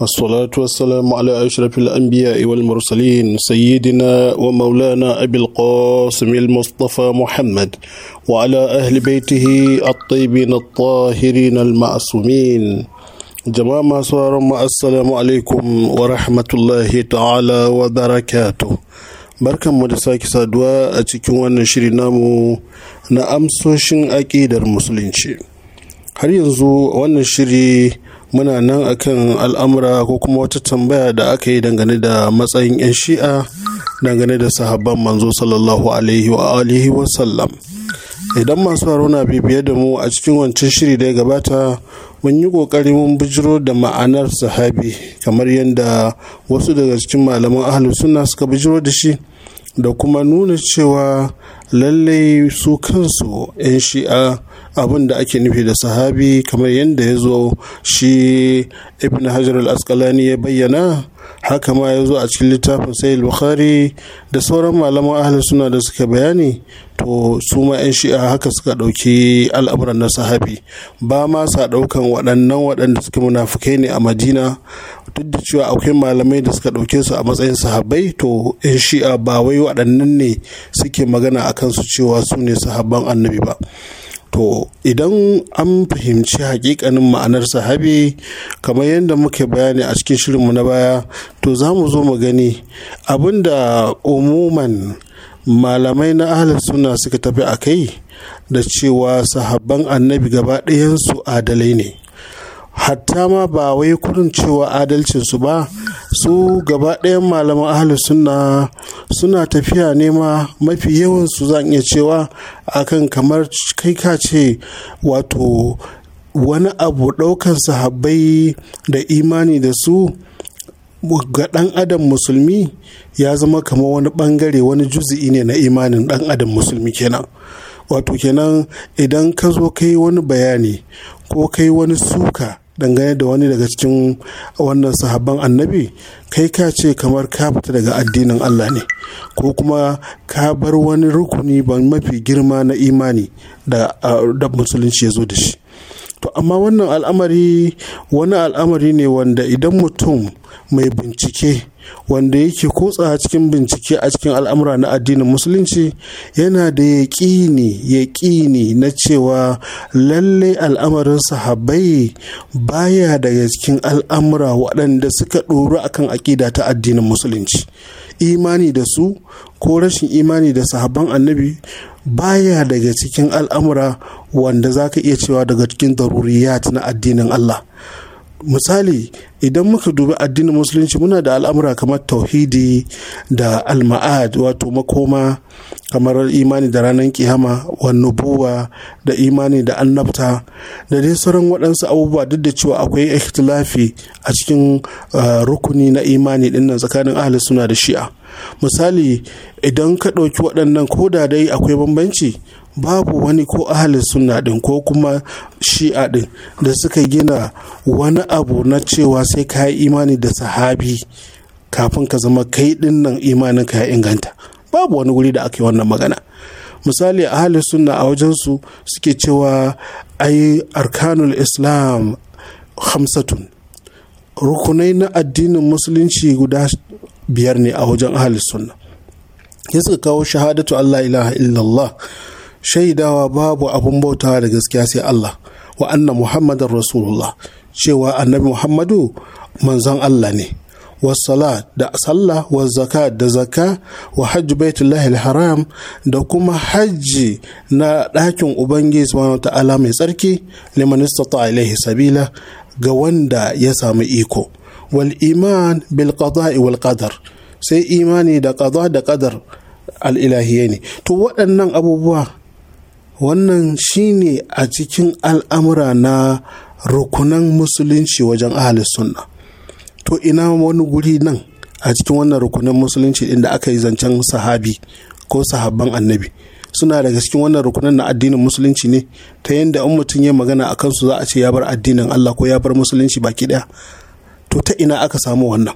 والصلاة والسلام على أشرف الأنبياء والمرسلين سيدنا ومولانا أبي القاسم المصطفى محمد وعلى أهل بيته الطيبين الطاهرين المعصومين جماعة ما السلام عليكم ورحمة الله تعالى وبركاته barkanmu da sake saduwa a cikin wannan shiri namu na amsoshin aƙidar musulunci har yanzu wannan shiri muna nan a kan al'amura ko kuma wata tambaya da aka yi dangane da matsayin 'yan shi'a dangane da sahabban manzo sallallahu alaihi wa alihi wa sallam idan masu haro na bibiye da mu a cikin wancan shiri da ya gabata mun yi kokari mun bijiro da ma'anar sahabi kamar yadda wasu daga cikin malaman ahlus sunna suka bijiro da shi da kuma nuna cewa lallai su kansu 'yan shi'a abin da ake nufi da sahabi kamar yadda ya zo shi ibn hajar al-asqalani ya bayyana haka ma ya zo a cikin littafin sayil bukhari da sauran malaman ahli suna da suka bayani to su ma 'yan shi'a haka suka ɗauki al'amuran na sahabi ba ma sa ɗaukan waɗannan waɗanda suke munafukai ne a madina duk da cewa akwai malamai da suka ɗauke su a matsayin sahabbai to 'yan shi'a ba wai waɗannan ne suke magana a kansu cewa su ne sahabban annabi ba to idan an fahimci hakikanin ma'anar sahabi kamar yadda muke bayani a cikin shirinmu na baya to za mu zo mu gani abinda umuman malamai na ahalar suna suka tafi a kai da cewa sahabban annabi gaba ɗayansu adalai ne hatta ma ba wai kurin cewa adalcinsu ba su gaba ɗayan malaman ahalus suna suna tafiya nema mafi yawansu zan iya cewa akan kamar kai ka ce wato wani abu ɗaukan sahabbai da imani da su ga ɗan adam musulmi ya zama kamar wani ɓangare wani juzi'i ne na imanin ɗan adam musulmi kenan wato kenan idan ka zo kai wani bayani ko kai wani suka dangane da wani daga cikin wannan sahabban annabi kai ka ce kamar ka fita daga addinin Allah ne ko kuma ka bar wani rukuni ban mafi girma na imani da musulunci ya zo da shi to amma wannan al'amari wani al'amari ne wanda idan mutum mai bincike wanda yake kotsa cikin bincike a cikin al'amura na addinin musulunci yana da yaƙini yaƙini na cewa lalle al'amarin sahabbai baya daga cikin al'amura waɗanda suka ɗoru akan aƙida ta addinin musulunci imani da su ko rashin imani da sahabban annabi baya daga cikin al'amura wanda za ka iya cewa daga cikin daruriyat na addinin Allah misali idan muka dubi addinin musulunci muna da al'amura kamar tauhidi da alma'ad wato makoma kamar imani da ranar kiyama wannan buwa da imani da annabta da dai sauran waɗansu abubuwa duk da cewa akwai ikhtilafi a cikin uh, rukuni na imani nan tsakanin ahli suna da shi'a misali idan ka ɗauki waɗannan ko da dai akwai bambanci babu wani ko ahalin sunna ɗin ko kuma shi'a ɗin da suka gina wani abu na cewa sai ka yi imani da sahabi kafin ka zama kai din nan imanin ka ya inganta babu wani wuri da aka yi wannan magana misali ahalin sunna a wajensu suke cewa ai arkanul islam hamsatun rukunai na addinin musulunci guda biyar ne a wajen ahalin sunna ya suka kawo shahadatu Allah ilaha illallah shaidawa babu abun bautawa da gaskiya sai Allah wa anna Muhammadar Rasulullah cewa annabi Muhammadu manzon Allah ne wasala da sallah wa zaka da zaka wa hajji baitullahi haram da kuma hajji na ɗakin ubangiji subhanahu ta'ala mai tsarki liman istata ilaihi sabila ga wanda ya samu iko wal iman bil qada'i wal qadar sai imani da qada da qadar al ne to waɗannan abubuwa wannan shi ne a cikin al'amura na rukunan musulunci wajen ahalis sunna to ina wani guri nan a cikin wannan rukunan musulunci inda aka yi zancen sahabi ko sahabban annabi suna daga cikin wannan rukunan na addinin musulunci ne ta yadda in mutum ya magana a kansu za a ce ya bar addinin Allah ko ya bar musulunci baki daya to ta ina aka samu wannan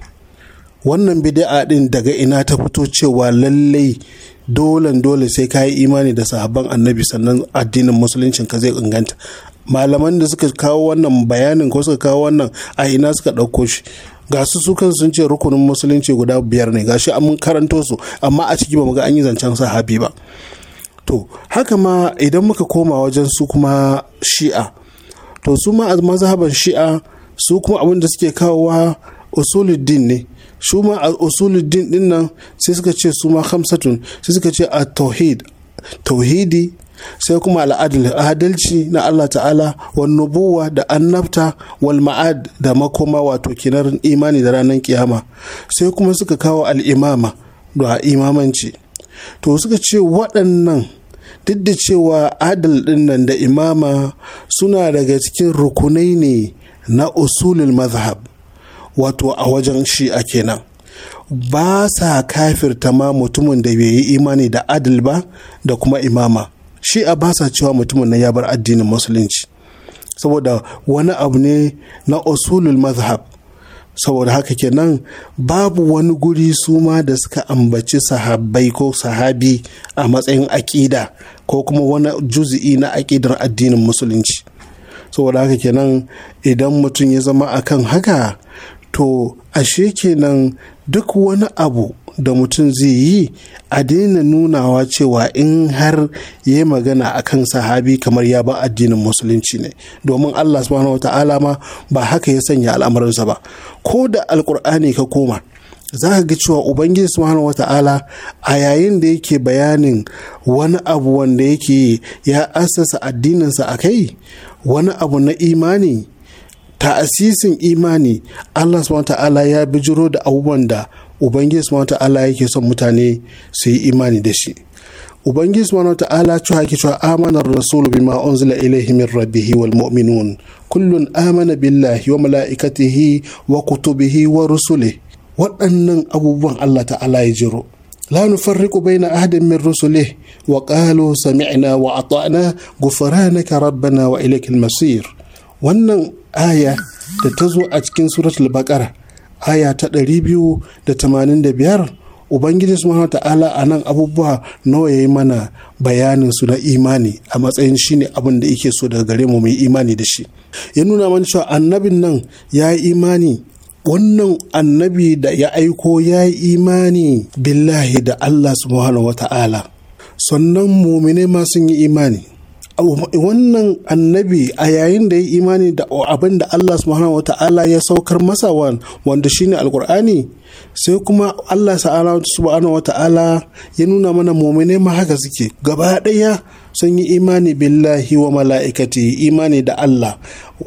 wannan bid'a din daga ina ta fito cewa lallai dolen dole sai ka yi imani da sahabban annabi sannan addinin musuluncin ka zai inganta malaman da suka kawo wannan bayanin ko suka kawo wannan a ina suka ɗauko shi ga su kan sun ce rukunin musulunci guda biyar ne gashi an mun karanto su amma a ciki ba mu ga an yi zancen sahabi ba to haka ma idan muka koma wajen su kuma shi'a to su ma mazhaban shi'a su kuma abin da suke kawowa usuluddin ne su ma a usuluddin din nan sai suka ce su ma hamsatun sai suka ce a tauhidi sai kuma al'adil adalci na Allah ta'ala wa nubuwa da annabta wal ma'ad da makoma wato kinar imani da ranar kiyama sai kuma suka kawo al'imama da imamanci to suka ce waɗannan duk da cewa adal ɗin nan da imama suna daga cikin rukunai ne na usulul mazhab wato a wajen shi a kenan ba sa kafirta ma mutumin da bai yi imani da adil ba da kuma imama shi'a ba sa cewa mutumin nan ya bar addinin musulunci saboda wani abu ne na usulul mazhab saboda haka kenan babu wani guri suma da suka ambaci sahabbai ko sahabi a matsayin aƙida ko kuma wani juzi'i na aƙidar addinin musulunci saboda haka kenan idan mutum ya zama akan haka to ashe kenan duk wani abu da mutum zai yi a daina nunawa cewa in har ya yi magana a kan sahabi kamar ya ba addinin musulunci ne domin allah subhanahu ta'ala ma ba haka ya sanya al'amuransa ba ko da alkur'ani ka koma za ka ga cewa ubangiji subhanahu ta'ala a yayin da yake bayanin wani abu wanda yake ya assasa addininsa a kai wani abu na imani ta'asisin imani Allah subhanahu ta'ala ya bijiro da abubuwan da Ubangiji subhanahu ta'ala yake son mutane su yi imani da shi Ubangiji subhanahu ta'ala cewa yake cewa amanar rasulu bima unzila ilaihi min rabbihi wal mu'minun kullun amana billahi wa mala'ikatihi wa kutubihi wa rusulihi waɗannan abubuwan Allah ta'ala ya jiro لا نفرق بين أحد من رسله وقالوا سمعنا وأطعنا غفرانك ربنا وإليك المصير wannan aya da ta zo a cikin suratul baqara aya ta 285 ubangiji subhanahu ta'ala a nan abubuwa nawa yayi mana bayanin su na imani a matsayin shine abin da yake so daga gare mu mu imani da shi ya nuna mana cewa annabin nan ya yi imani wannan annabi da ya aiko ya yi imani billahi da Allah subhanahu wa ta'ala sannan mumine ma sun yi imani wannan annabi a yayin da ya imani da abin da Allah subhanahu ta'ala) ya saukar masa wanda shine alkur'ani sai kuma Allah subhanahu ta'ala) ya nuna mana muminai ma haka suke gaba ɗaya sun yi imani billahi wa mala'ikati imani da Allah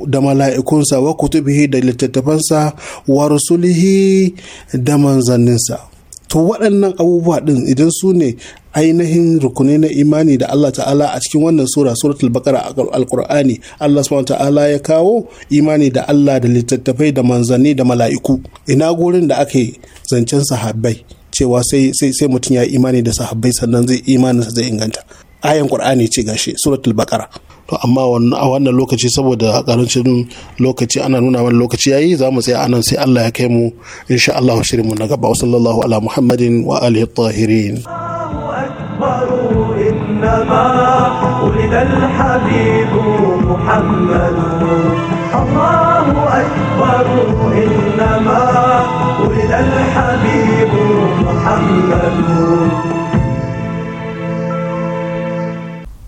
da mala'ikunsa wa kutubihi da littattafansa wa rusulihi da manzanninsa to waɗannan abubuwa ɗin idan su ne ainihin rukuni na imani da Allah ta'ala a cikin wannan sura suratul a alkur'ani Allah subhanahu ta'ala ya kawo imani da Allah da littattafai da manzanni da mala'iku ina gurin da ake zancen sahabbai cewa sai mutum ya imani da sahabbai sannan zai imaninsa zai inganta ayan qur'ani ce gashi suratul baqara to amma a wannan lokaci saboda karancin lokaci ana nuna wani lokaci yayi za mu tsaya anan sai Allah ya kai mu insha Allah shirin mu na gaba sallallahu ala muhammadin wa alihi tahirin الله الحبيب محمد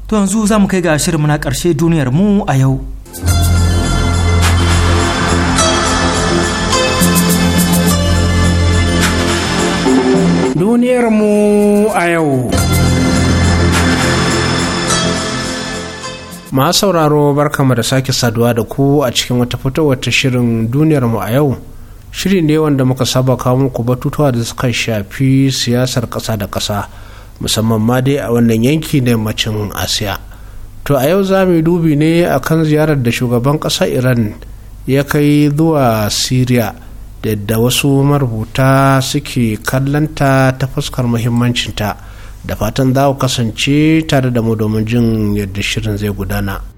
To yanzu za mu kai ga shirin na ƙarshe duniyar mu a yau. Duniyar mu a yau. ma sauraro barkama da sake saduwa da ku a cikin wata fitowar ta shirin duniyar mu a yau. Shiri ne wanda muka saba kawo muku batutuwa da suka shafi siyasar ƙasa da ƙasa. musamman ma dai a wannan yanki na yammacin asiya to a yau za mu dubi ne akan ziyarar da shugaban ƙasar iran ya kai zuwa syria da yadda wasu marubuta suke kallanta ta fuskar muhimmancinta da fatan za ku kasance tare da mu domin jin yadda shirin zai gudana.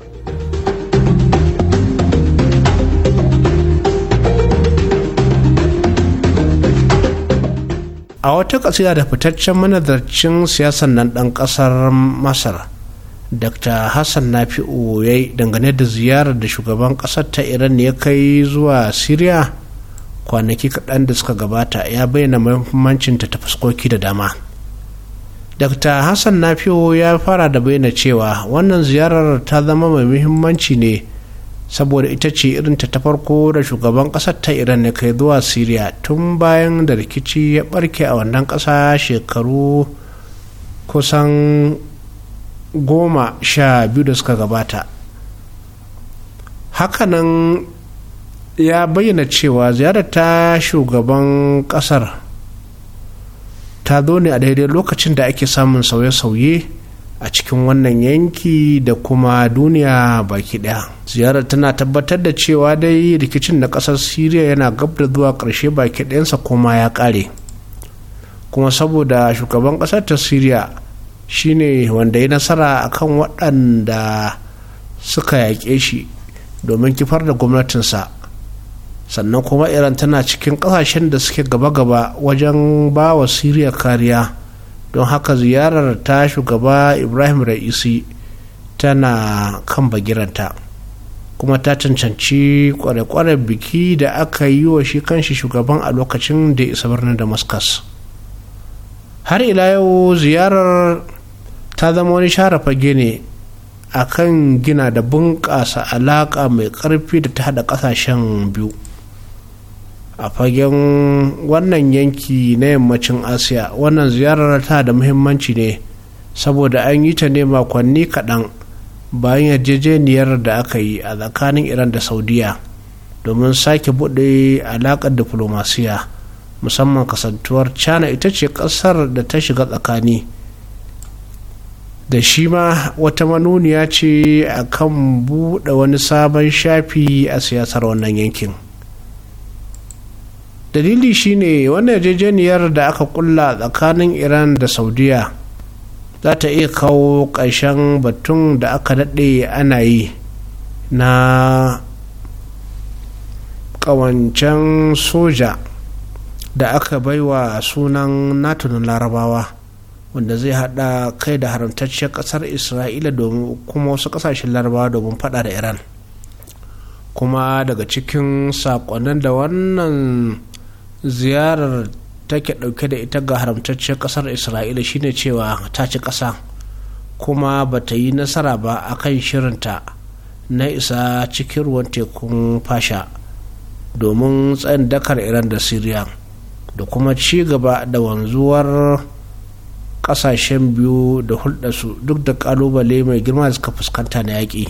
a wata kasida da fitaccen manazarcin siyasan nan ɗan ƙasar masar dr hassan nafi'u ya yi dangane da ziyarar da shugaban ƙasar ta iran ya kai zuwa syria kwanaki kaɗan da suka gabata ya bayyana mahimmancinta ta fuskoki da dama dr hassan nafi'u ya fara da bayyana cewa wannan ziyarar ta zama mai muhimmanci ne saboda ita ce irinta ta farko da shugaban ƙasar ta iran ya kai zuwa syria tun bayan da rikici ya barke a wannan ƙasa shekaru kusan goma sha biyu da suka gabata hakanan ya bayyana cewa ziyarar ta shugaban ƙasar ta zo ne a daidai lokacin da ake samun sauye-sauye a cikin wannan yanki da kuma duniya baki daya ziyarar tana tabbatar da cewa dai rikicin na kasar syria yana gab da zuwa karshe baki ɗayansa kuma ya ƙare kuma saboda shugaban kasar ta syria shine wanda ya nasara akan waɗanda suka yaƙe shi domin kifar da gwamnatinsa sannan kuma iran tana cikin ƙasashen da suke gaba-gaba wajen ba wa syria kariya don haka ziyarar ta shugaba ibrahim ra'isi tana kan bagiranta kuma ta cancanci kware-kware biki da aka yi wa shi kanshi shugaban a lokacin da isa birnin damascus har ila yau ziyarar ta zama wani share fage ne a kan gina da bunƙasa alaƙa mai ƙarfi da ta haɗa ƙasashen biyu a fagen wannan yanki na yammacin asiya wannan ziyarar ta da muhimmanci ne saboda an yi ta ne makonni kaɗan bayan yarjejeniyar da aka yi a tsakanin iran da saudiya domin sake buɗe alaƙar diflomasiya musamman kasantuwar china ita ce ƙasar da ta shiga tsakani da shi ma wata manuniya ce a kan buɗe wani sabon shafi a siyasar wannan yankin. dalili shine wannan yarjejeniyar da aka kulla tsakanin iran da saudiya za ta iya kawo ƙarshen batun da aka daɗe ana yi na ƙawancen soja da aka baiwa sunan nato na larabawa wanda zai hada kai da haramtacciyar ƙasar isra'ila domin kuma wasu ƙasashen larabawa domin fada da iran kuma daga cikin saƙonnin da wannan ziyarar take ɗauke da ita ga haramtacciyar ƙasar isra'ila shine cewa ta ci ƙasa kuma ba ta yi nasara ba a kan shirinta na isa cikin ruwan tekun fasha domin tsayin dakar iran da syria da kuma ci gaba da wanzuwar kasashen biyu da hulɗarsu duk da ƙalubale mai girma da suka fuskanta na yaƙi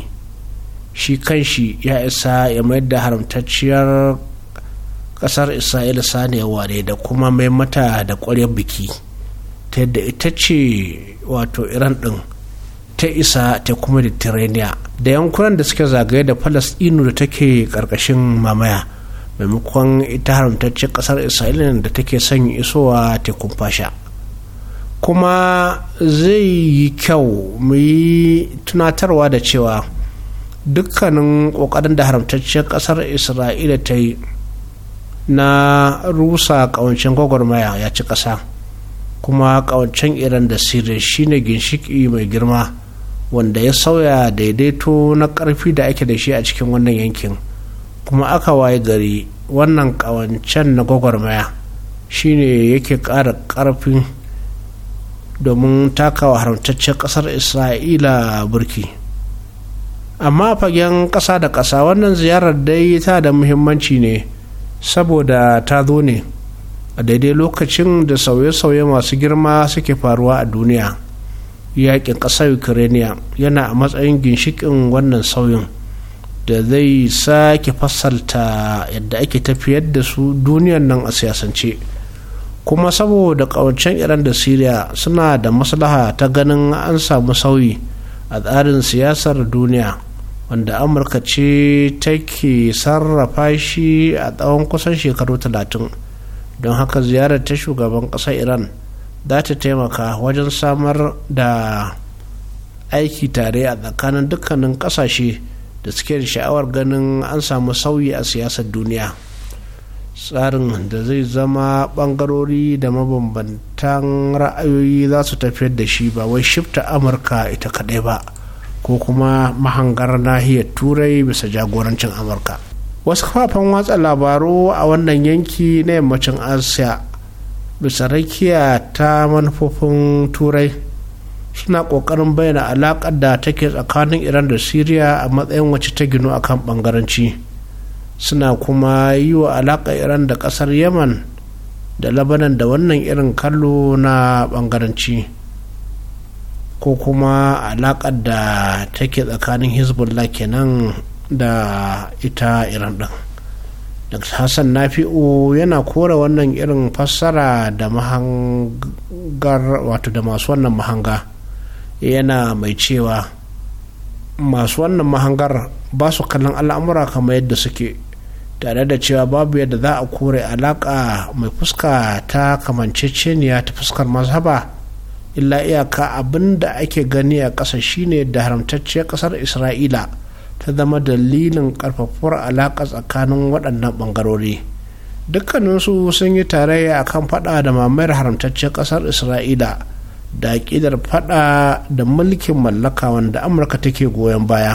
shi kanshi ya isa ya mayar da haramtacciyar kasar isra'ila saniya ware da kuma mai mata da ƙwaryar biki ta yadda ita ce wato iran ɗin ta isa ta kuma mediterranean da yankunan da suke zagaye da palestino da take ƙarƙashin mamaya maimakon ita haramtaccen ƙasar isra'ila da take son isowa tekun fasha kuma zai yi kyau mu yi tunatarwa da cewa dukkanin ƙoƙarin da haramtaccen ƙasar isra'ila ta yi na rusa kawancin gwagwarmaya ya ci ƙasa kuma kawancin iran da siriya shine ginshiki mai girma wanda ya sauya daidaito na ƙarfi da ake da shi a cikin wannan yankin kuma aka waye gari wannan kawancen na gwagwarmaya shine yake ƙara ƙarfin domin takawa haramtaccen ƙasar isra'ila burki amma fagen ƙasa da ƙasa wannan ziyarar dai ta da muhimmanci ne saboda ta zo ne a daidai lokacin da sauye-sauye masu girma suke faruwa a duniya yakin ƙasar ukraine yana a matsayin ginshikin wannan sauyin da zai sake fasalta yadda ake tafiyar da su duniyar nan a siyasance kuma saboda ƙawancen iran da syria suna da maslaha ta ganin an samu sauyi a tsarin siyasar duniya wanda amurka ce take sarrafa shi a tsawon kusan shekaru talatin don haka ziyarar ta shugaban ƙasar iran za ta taimaka wajen samar da aiki tare a tsakanin dukkanin ƙasashe da suke da sha'awar ganin an samu sauyi a siyasar duniya tsarin da zai zama ɓangarori da mabambantan ra'ayoyi za su tafiyar da shi ba wai shifta amurka ita kaɗai ba ko kuma mahangar nahiyar turai bisa jagorancin amurka wasu kafafen watsa labaru a wannan yanki na yammacin asiya bisa rakiya ta manufofin turai suna ƙoƙarin bayyana alaƙar da take tsakanin iran da syria a matsayin wacce ta ginu kan ɓangaranci suna kuma yi wa alaƙar iran da ƙasar yaman da labanan da wannan irin kallo na ɓangaranci ko kuma alaƙar da take tsakanin hezbollah kenan da ita iran ɗin dr hassan nafi'u yana kora wannan irin fassara da mahangar wato da masu wannan mahanga yana mai cewa masu wannan mahangar ba su kallon al'amura kamar yadda suke tare da cewa babu yadda za a kore alaƙa mai fuska ta kamanceceniya ta fuskar mazhaba illa iyaka abin da ake gani a ƙasa shine da haramtacciyar ƙasar isra'ila ta zama dalilin ƙarfafuwar alaƙa tsakanin waɗannan ɓangarori dukkaninsu sun yi tarayya kan faɗa da mamayar haramtacciyar ƙasar isra'ila da ƙidar faɗa da mulkin mallaka wanda amurka take goyon baya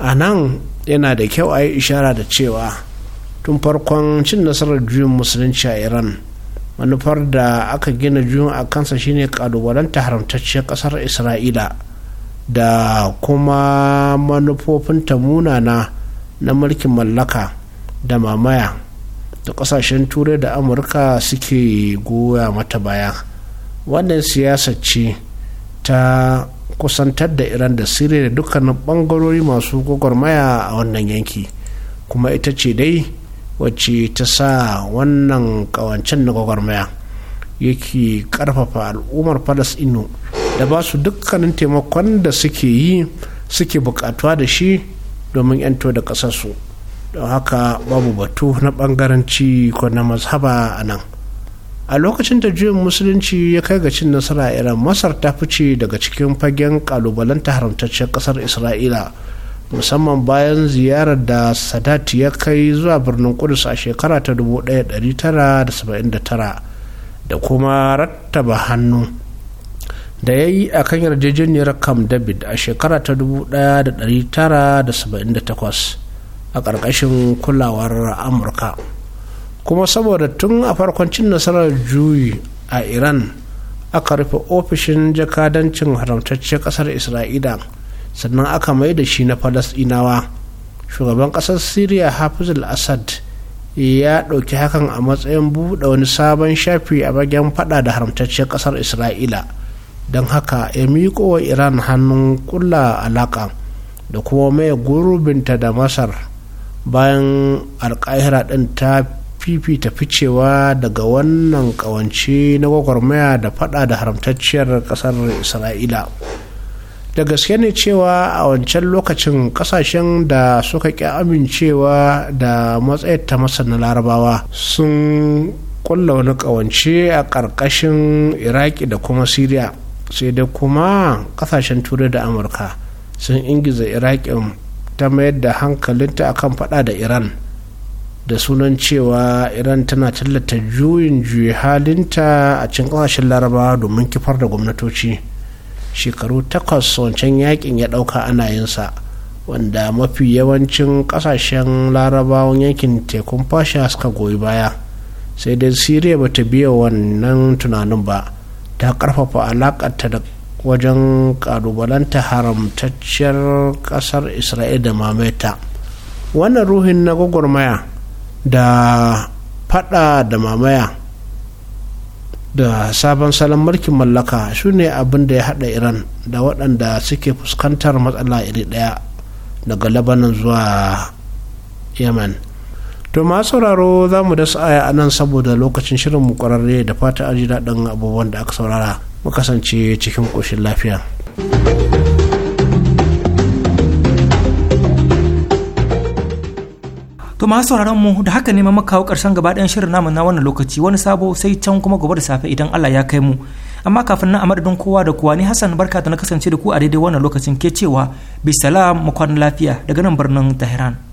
a nan yana da kyau a yi ishara da cewa tun farkon cin nasarar juyin musulunci a iran manufar da aka gina juyin a kansa shine kalubalanta haramtacciyar kasar isra'ila da kuma manufofin ta munana na mulkin mallaka da mamaya da kasashen turai da amurka suke goya mata baya wannan siyasa ce ta kusantar da iran da siriya da dukkanin bangarori masu gwagwarmaya a wannan yanki kuma ita ce dai wacce ta sa wannan kawancin na gwagwarmaya yake karfafa al'ummar falasɗinu da ba su dukkanin taimakon da suke yi suke bukatuwa da shi domin 'yanto da ƙasarsu don haka babu batu na ɓangaranci ko na mazhaba a nan a lokacin da juyin musulunci ya kai ga cin nasara iran masar ta fice daga cikin fagen ƙalubalanta haramtacciyar kasar isra'ila musamman bayan ziyarar da sadat ya kai zuwa birnin kudus a shekara ta 1979 da kuma rattaba hannu da ya yi a kan yarjejeniyar camp david a shekara ta 1978 a ƙarƙashin kulawar amurka kuma saboda tun a farkon cin nasarar juyi a iran aka rufe ofishin jakadancin haramtaccen kasar isra'ila sannan aka mai da shi na falasɗinawa shugaban ƙasar syria hafiz al-assad ya ɗauki hakan a matsayin buɗe wani sabon shafi a bagen faɗa da haramtacciyar ƙasar isra'ila don haka ya miƙo wa iran hannun ƙulla alaƙa da kuma mai gurubinta da masar bayan alƙahira ɗin ta fifita ficewa daga wannan ƙawance na gwagwarmaya da faɗa da haramtacciyar ƙasar isra'ila da gaske ne cewa a wancan lokacin kasashen da suka ƙi amincewa da matsayar ta masar na larabawa sun kulla wani ƙawance a ƙarƙashin iraki da kuma syria sai dai kuma kasashen turai da amurka sun ingiza iraki ta mayar da hankalinta a kan fada da iran da sunan cewa iran tana tallata juyin juyi halinta a cikin ƙasashen larabawa domin kifar da gwamnatoci. shekaru takwas wancan yakin ya dauka ana yinsa wanda mafi yawancin kasashen larabawan yankin tekun fasha suka goyi baya sai dai siriya ba ta biya wannan tunanin ba ta karfafa alakata da wajen kalubalanta haramtacciyar kasar isra'ila da mamaita wannan ruhin na gwagwarmaya da fada da mamaya da sabon salon mulkin mallaka su ne abin da ya hada iran da waɗanda suke fuskantar matsala iri ɗaya daga labanan zuwa yemen to ma sauraro za mu da aya a nan saboda lokacin shirin mu kwararre da fata aji daɗin abubuwan da aka saurara mu kasance cikin ƙoshin lafiya. To masu sauraron mu da haka ne ma kawo karshen gaba ɗayan shirin namu na wannan lokaci wani sabo sai can kuma gobe da safe idan Allah ya kai mu. Amma kafin nan a madadin kowa da kowa ni Hassan barka da na kasance da ku a daidai wannan lokacin ke cewa salam mu kwana lafiya daga nan birnin Tehran.